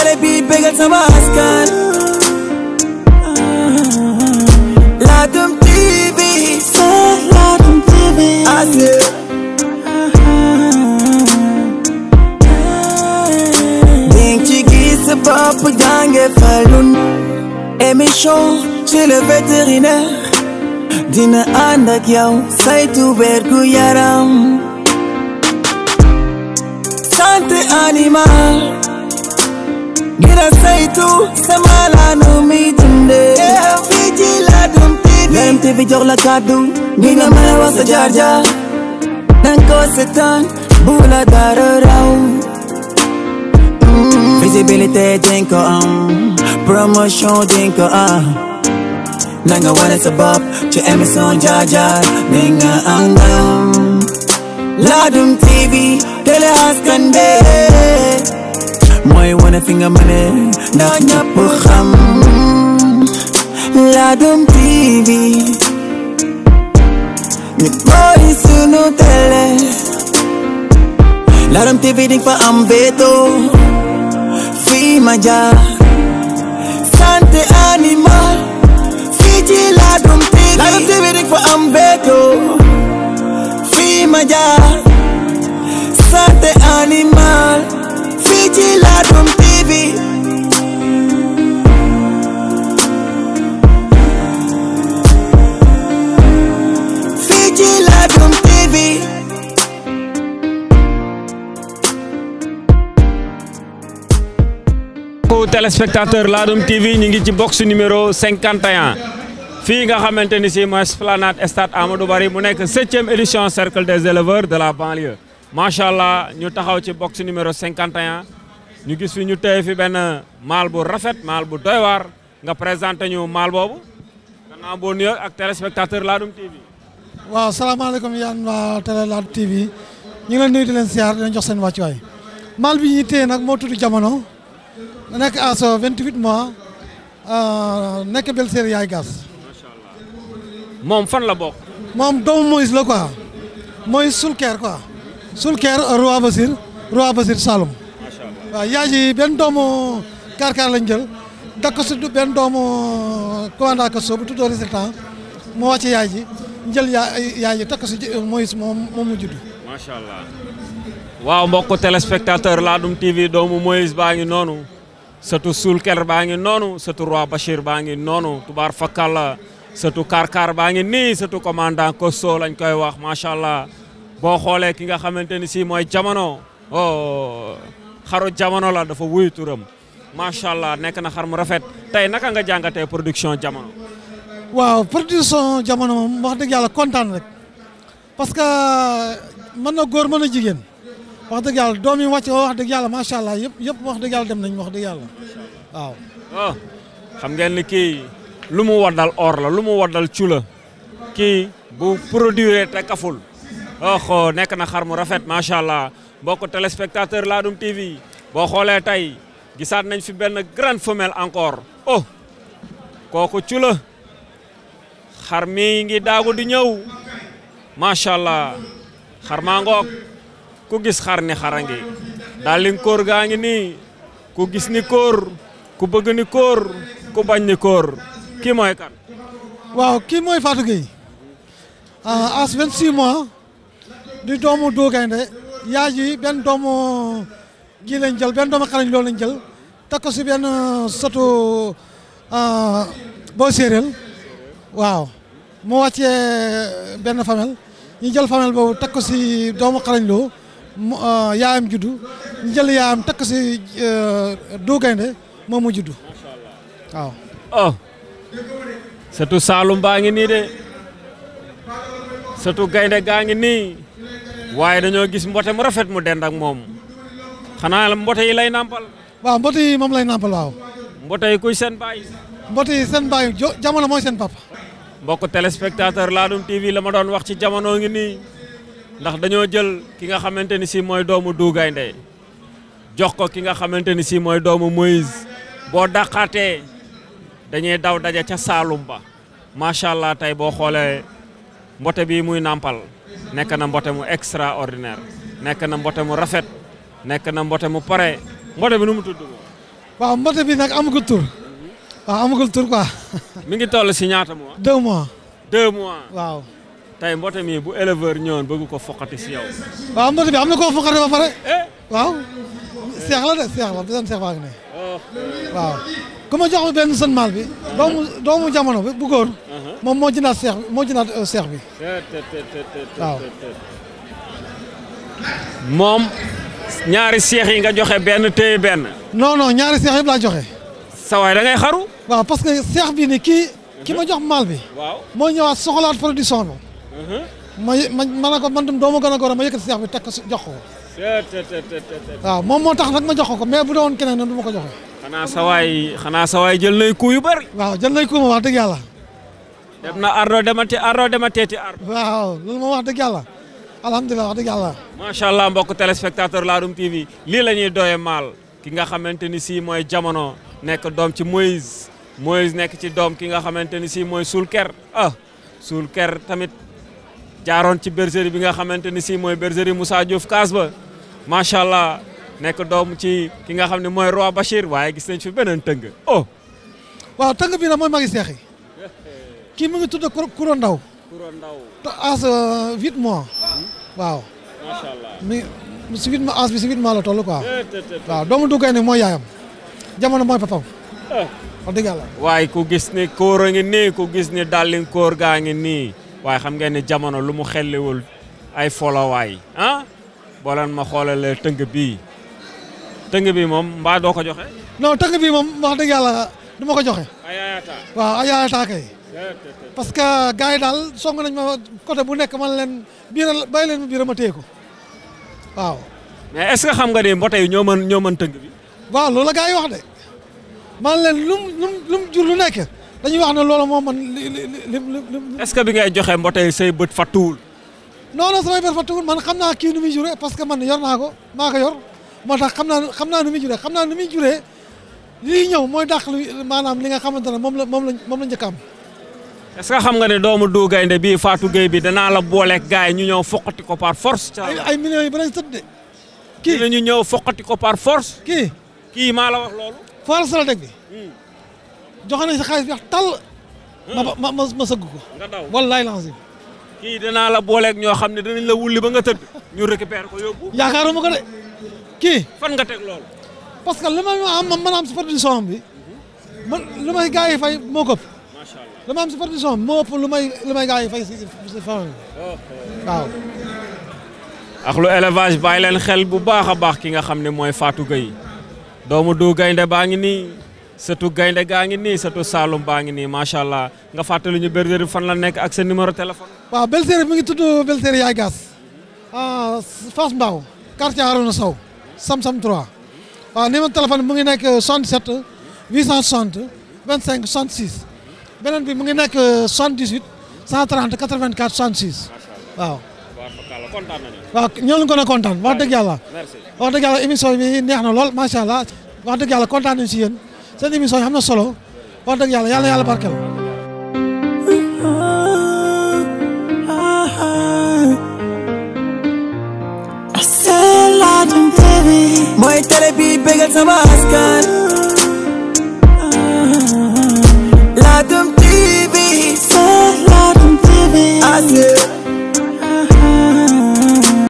télé bi bégal sama askan Ladoum TV c'est Ladoum TV ning ci gis sa bopp jànge falun émission chez le vétérinaire dina ànd ak yow saytu wérgu yaram santé animal ngir a sama laanu mi dundee. fii ci Ladoum TV. Ladoum TV jox la kàddu. mi nga mën a wax sa jaar jaar. danga dara raw. Mm. visibilité dinga am promotion dinga am. nanga wane sa ci émission jaar jaar nga am ndam. Ladoum TV télé askan bi. mooy wane fi nga mëne ndax ñëpp xam Ladoum TV ñu mooy sunu télé Ladoum TV di fa am veto fii ma jaar animal fii ci Ladoum TV Ladoum fa am veto fii ma jaar animal Ladoum TV fii ci téléspectateur Ladoum TV ñu ngi ci box numéro 51 fii nga xamante ni si mooy esplanade stade Amadou Barry mu nekk septième édition cercle des éleveurs de la banlieue macha allah ñu taxaw ci box numéro 51 ñu gis fi ñu tey fi benn maal bu rafet maal bu doy waar nga présenté ñu maal boobu gannaaw boo nuyoo ak téléspectateur Ladoum TV. waaw salaamaaleykum yaan waa télé Ladoum TV ñu ngi leen nuyu leen siyaar di leen jox seen waay maal bi ñu téye nag moo tudd jamono nekk aso 28 mois euh, nekk bel séer yaay gas. moom fan la bokk. moom doomu Moïse la quoi Moïse Soulker quoi Soulker roi Basir roi Basir Saloum. waaw yaay benn doomu karkaar lañ jël dak ko benn doomu commandant Kasso bu tuddoo résultat moo wàcc yaay ji njël yaa yaay ji takk si Moïse moom mu judd. macha allah waaw mbokk téléspectateur Ladoum TV doomu Moïse baa ngi noonu sëtu Soulker baa ngi noonu sëtu Roi Bachir baa ngi noonu tubaar fakkalla sëtu Karkar baa ngi nii sëtu commandant Kosso lañ koy wax macha allah boo xoolee ki nga xamante ni sii mooy jamono oh, xaru jamono la dafa wuyu turam macha allah nekk na xar mu rafet tey naka nga jàngatee production jamono. waaw production jamono moom wax dëgg yàlla kontaan rek parce que mën na góor mën na jigéen wax dëgg yàlla doom yi wàcc wax dëgg yàlla macha allah yëpp yëpp wax dëgg yàlla dem nañ wax dëgg yàlla waaw. Oh, xam ngeen ni kii lu mu dal or la lu mu waddal cu la kii bu produire te kaful. oh nekk na xar mu rafet macha allah. mbokk téléspectateur Ladoum TV boo xoolee tey gisaat nañ fi benn grande femelle encore oh kooku cu xar mi ngi daagu di ñëw macha allah xar maa ngoog ku gis xar ni xara ngi daal gaa ngi nii ku gis ni ku bëgg ni ku bañ ni kóor mooy kan waaw kii mooy Fatou Gueye ah, as 26 mois di doomu Dóo Gaynde yaay yi benn doomu kii jël benn doomu xarañ loolu lañ jël teg ko si benn uh, satu uh, waaw mu wàccee benn famel ñu jël famel boobu teg ko si doomu xarañ loo uh, yaayam juddu jël yaayam teg si duugaynde moom mu juddu waaw. Oh. Saalum baa ngi nii de satu gaynde gaa ngi nii. waaye dañoo gis mbote mu rafet mu dend ak moom xanaa mbote yi lay nàmpal. waaw mbote yi moom lay nàmpal waaw. mbote yi kuy seen baay. mbote yi seen baay jamono mooy seen papa. mbokk téléspectateur Ladoum TV la ma doon wax ci jamono ngi nii ndax dañoo jël ki nga xamante ni si mooy doomu dugaynde jox ko ki nga xamante ni si mooy doomu Moïse boo dàqaatee dañuy daw daja ca Saalum ba macha allah tey boo xoolee mbote bii muy nàmpal. nekk na mbote mu extraordinaire nekk na mbote mu rafet nekk na mboote mu pare mbote bi nu mu tudd. waaw mbote bi nag amagul tur. waaw amagul tur quoi. mi ngi toll si ñaata mois. deux mois. deux mois waaw. tey mbote mi bu éleveur ñëwoon bëgg ko foqati si yow. waaw mbote bi am na koo foqati ba pare. Eh? waaw. seex la de seex la bisan seex baa ngi ne. Oh. waaw. ku ma jox benn sën maal bi. doomu doomu jamono bu góor. moom moo jënaat seex moo jënaat seex bi euh, waaw moom ñaari seex yi nga joxe benn téye benn non non ñaari seex yëpp laa joxe sa waay xaru waaw parce que seex bi ni kii ki ma jox maal bi waaw moo ñëwaat soxlaat production bi uh-huh. ma ma ma ne ko man tam dooma gën a góor ma yëkkati seex bi teg ko jox ko waaw moom moo tax nag ma jox ko mais bu doon keneen du ma ko joxe xanaa sa waay xanaa sa waay jël nay ku yu bari waaw jël nay ku ma wax dëgg yàlla dem na ardo demati ardo demateeti ardo waaw loolu moom wax dëgg yàlla alhamdulilah wax dëgg yàlla macha allah mbokk téléspectateur Ladoum TV lii la ñuy doye maal ki nga xamante ni si mooy jamono nekk doom ci Moïse Moïse nekk ci doom ki nga xamante ni sii mooy Soulker ah Soulker tamit jaaroon ci bergerie bi nga xamante ni sii mooy bergerie Moussa Diouf kaas ba macha allah nekk doom ci ki nga xam ne mooy roi waaye gis nañ fi beneen tëng oh waaw tëng bi nag mooy magi seex yi kii mu ngi tudd Kouro Ndao. Kouro Ndao. te as euh, waaw. mi si huit mois as bi si huit mois la toll quoi. waaw doomu duggay ne mooy yaayam jamono mooy papam. Eh. wax dëgg waaye ku gis ne kóor nii ku gis ne dàllin kóor gaa ngi nii waaye xam ngeen ne jamono lu mu xelliwul ay folowaay ah boo ma xoolalee tëng bii tëng bii moom mbaa doo ko joxe. non tëng moom wax dëgg yàlla du ma ko joxe. ay ayaata kay. parce que gars yi daal song nañ ma côté bu nekk man leen biiral bay leen biiral ma téye ko waaw. mais est-ce xam nga dee mbote yi ñoo mën ñoo mën tëgg bi. waaw loolu la gars yi wax de man leen lum lum lum jur lu nekk dañuy wax ne loolu moo man li li li li. est ngay joxe mbote yi say bët fàttuwul. non non samay man xam naa kii nu muy juree parce que man yor naa ko maa ko yor moo tax xam naa xam naa nu muy juree xam naa nu muy juree lii ñëw mooy dàq maanaam li nga xamante ne moom la moom la moom la njëkk am est-ce xam nga ne doomu Dou Gaynde bii Fatou Gueye bi danaa la booleeg gars yi ñu ñëw foqati ko par force. ay millions yi ba lay tëdd de. kii dinañu ñëw foqati ko par kii kii maa la wax loolu. force la dëgg. Hmm. joxe sa xaalis bi wax tàll. Hmm. ma ma ma ma sëgg ko. nga daw wallaay lancé. kii danaa la booleeg ñoo xam ne danañ la wulli ba nga tëdd. ñu récupéré ko yóbbu. yaakaaruma ko de kii. fan nga teg loolu. parce que li ma am hmm. man am supervision bi man may gars fay moo ko. dama am si partition moo lu may lu may gars yi fay si si fan waaw. ak lu élevage leen xel bu baax a baax ki nga xam ne mooy faatu Gueye doomu du gaynde baa ngi nii sëtu gaynde gaa ngi nii sëtu Saloum baa ngi nii macha allah nga fàttali ñu bergerie bi fan la nekk ak sa numéro téléphone. waaw bergerie mi ngi tudd bergerie Yaay Gaas ah Fass Mbao quartier Harouna Sow Sam Sam 3 waaw numéro téléphone mu ngi nekk 77 860 25 66. beneen bi mu ngi nekk 78 130 84 66. waaw. waaw ñoo ngi ko doon wax dëgg yàlla. wax dëgg yàlla émission bi neex na lool macha allah. wax dëgg yàlla kontaan nañu si yéen seen émission yi am na solo wax dëgg yàlla yàlla na yàlla barkeel. mooy télé bi bégal sama ṣe.